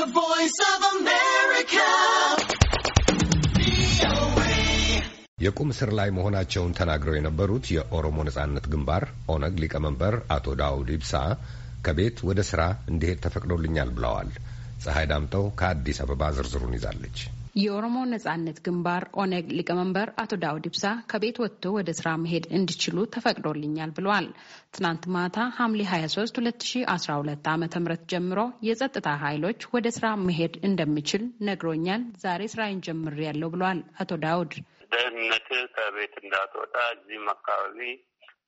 The Voice of America. የቁም ስር ላይ መሆናቸውን ተናግረው የነበሩት የኦሮሞ ነጻነት ግንባር ኦነግ ሊቀመንበር አቶ ዳውድ ኢብሳ ከቤት ወደ ስራ እንዲሄድ ተፈቅዶልኛል ብለዋል። ፀሐይ ዳምጠው ከአዲስ አበባ ዝርዝሩን ይዛለች። የኦሮሞ ነጻነት ግንባር ኦነግ ሊቀመንበር አቶ ዳውድ ኢብሳ ከቤት ወጥቶ ወደ ስራ መሄድ እንዲችሉ ተፈቅዶልኛል ብለዋል። ትናንት ማታ ሐምሌ 23 2012 ዓ ም ጀምሮ የጸጥታ ኃይሎች ወደ ስራ መሄድ እንደሚችል ነግሮኛል። ዛሬ ስራዬን ጀምሬያለሁ ብለዋል አቶ ዳውድ። ደህንነት ከቤት እንዳትወጣ እዚህም አካባቢ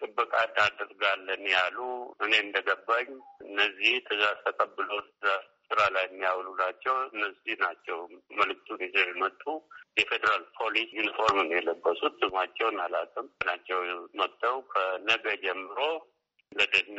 ጥበቃ እናደርጋለን ያሉ እኔ እንደገባኝ እነዚህ ትእዛዝ ተቀብሎ ትእዛዝ ስራ ላይ የሚያውሉ ናቸው። እነዚህ ናቸው መልዕክቱን ይዘው የመጡ የፌዴራል ፖሊስ ዩኒፎርም ነው የለበሱት። ስማቸውን አላውቅም ናቸው መጥተው ከነገ ጀምሮ ለደህንነት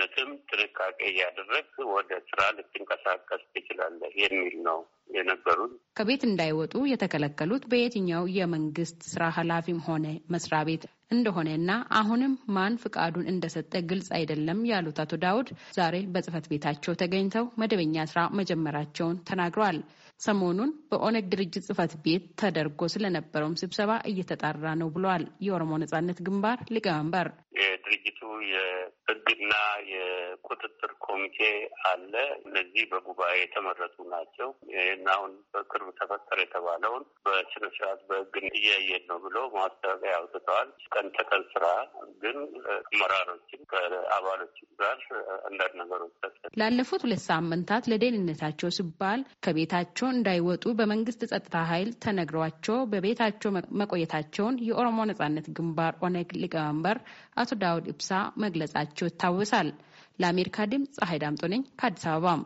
ጥንቃቄ እያደረግ ወደ ስራ ልትንቀሳቀስ ትችላለህ የሚል ነው የነበሩት። ከቤት እንዳይወጡ የተከለከሉት በየትኛው የመንግስት ስራ ኃላፊም ሆነ መስሪያ ቤት እንደሆነ እና አሁንም ማን ፍቃዱን እንደሰጠ ግልጽ አይደለም ያሉት አቶ ዳውድ ዛሬ በጽህፈት ቤታቸው ተገኝተው መደበኛ ስራ መጀመራቸውን ተናግረዋል። ሰሞኑን በኦነግ ድርጅት ጽህፈት ቤት ተደርጎ ስለነበረውም ስብሰባ እየተጣራ ነው ብለዋል። የኦሮሞ ነጻነት ግንባር ሊቀመንበር የድርጅቱ የህግና የቁጥጥር ኮሚቴ አለ። እነዚህ በጉባኤ የተመረጡ ናቸው። ይህን አሁን በቅርብ ተፈጠረ የተባለውን በስነ ስርዓት በህግ እያየን ነው ብሎ ማስታወቂያ አውጥተዋል። ቀን ተቀን ስራ ግን አመራሮችን ከአባሎችን ጋር አንዳንድ ነገሮች ላለፉት ሁለት ሳምንታት ለደህንነታቸው ሲባል ከቤታቸው እንዳይወጡ በመንግስት ጸጥታ ኃይል ተነግሯቸው በቤታቸው መቆየታቸውን የኦሮሞ ነጻነት ግንባር ኦነግ ሊቀመንበር አቶ ዳው ዳውድ ኢብሳ መግለጻቸው ይታወሳል። ለአሜሪካ ድምፅ ፀሐይ ዳምጦ ነኝ ከአዲስ አበባ